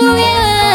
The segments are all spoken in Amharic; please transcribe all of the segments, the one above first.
祝愿。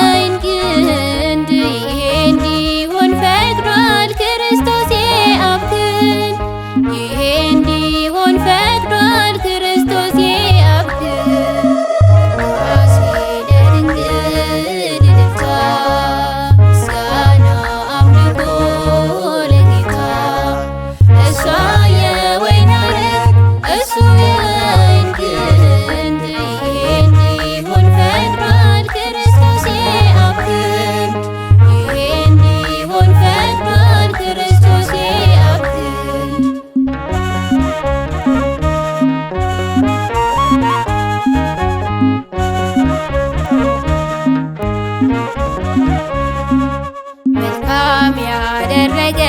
ባደረገ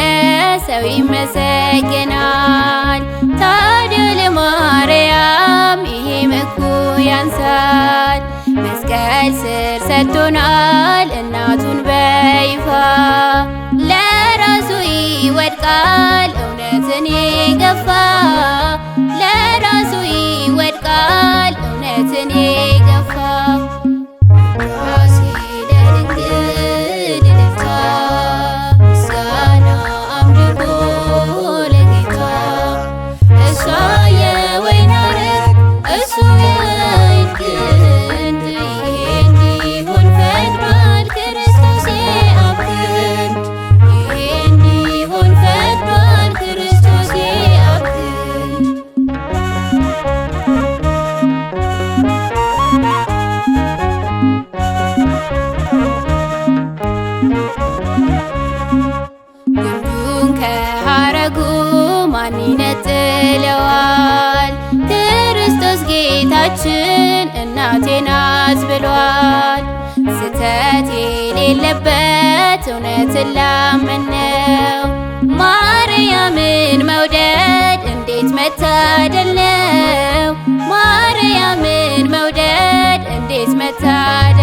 ሰው ይመሰገናል። ታዲያ ለማርያም ይሄ መኩ ያንሳል። መስቀል ስር ሰጥቶናል እናቱን በይፋ ለራሱ ይወድቃል እውነትን ይገፋ ልጆችን እናቴን ብሏል ስተት የሌለበት እውነትን ላመን ነው። ማርያምን መውደድ እንዴት መታደል ነው። ማርያምን መውደድ እንዴት መታደል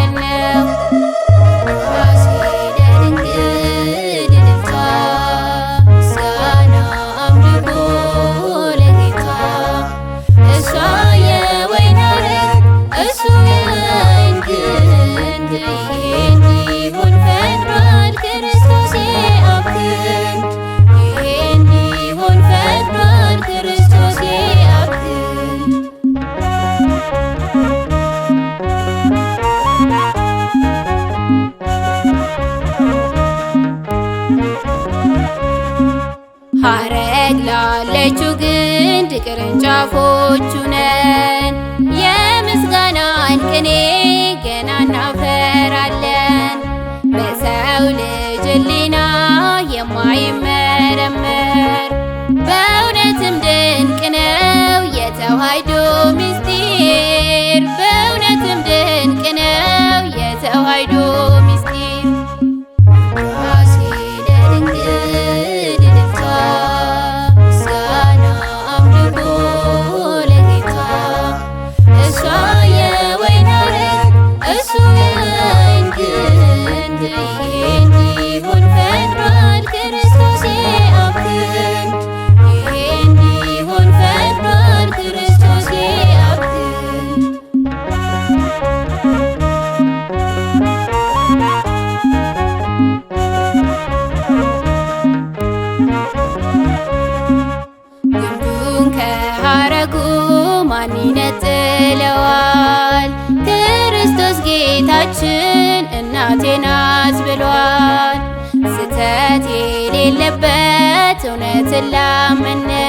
ሐረግ ላለችው ግንድ ቅርንጫፎቹ ነን የምስጋናን ቅኔ ገናና እንኖራለን በሰው ልጅ ሕሊና የማይመረመር በእውነትም ድንቅ ነው የተዋሕዶ ምስጢር በእውነትም ድንቅ ነው የተዋሕዶ ማን ይነጥለዋል? ክርስቶስ ጌታችን እናቴና ብሏል ስተት የሌለበት እውነትን ላመነ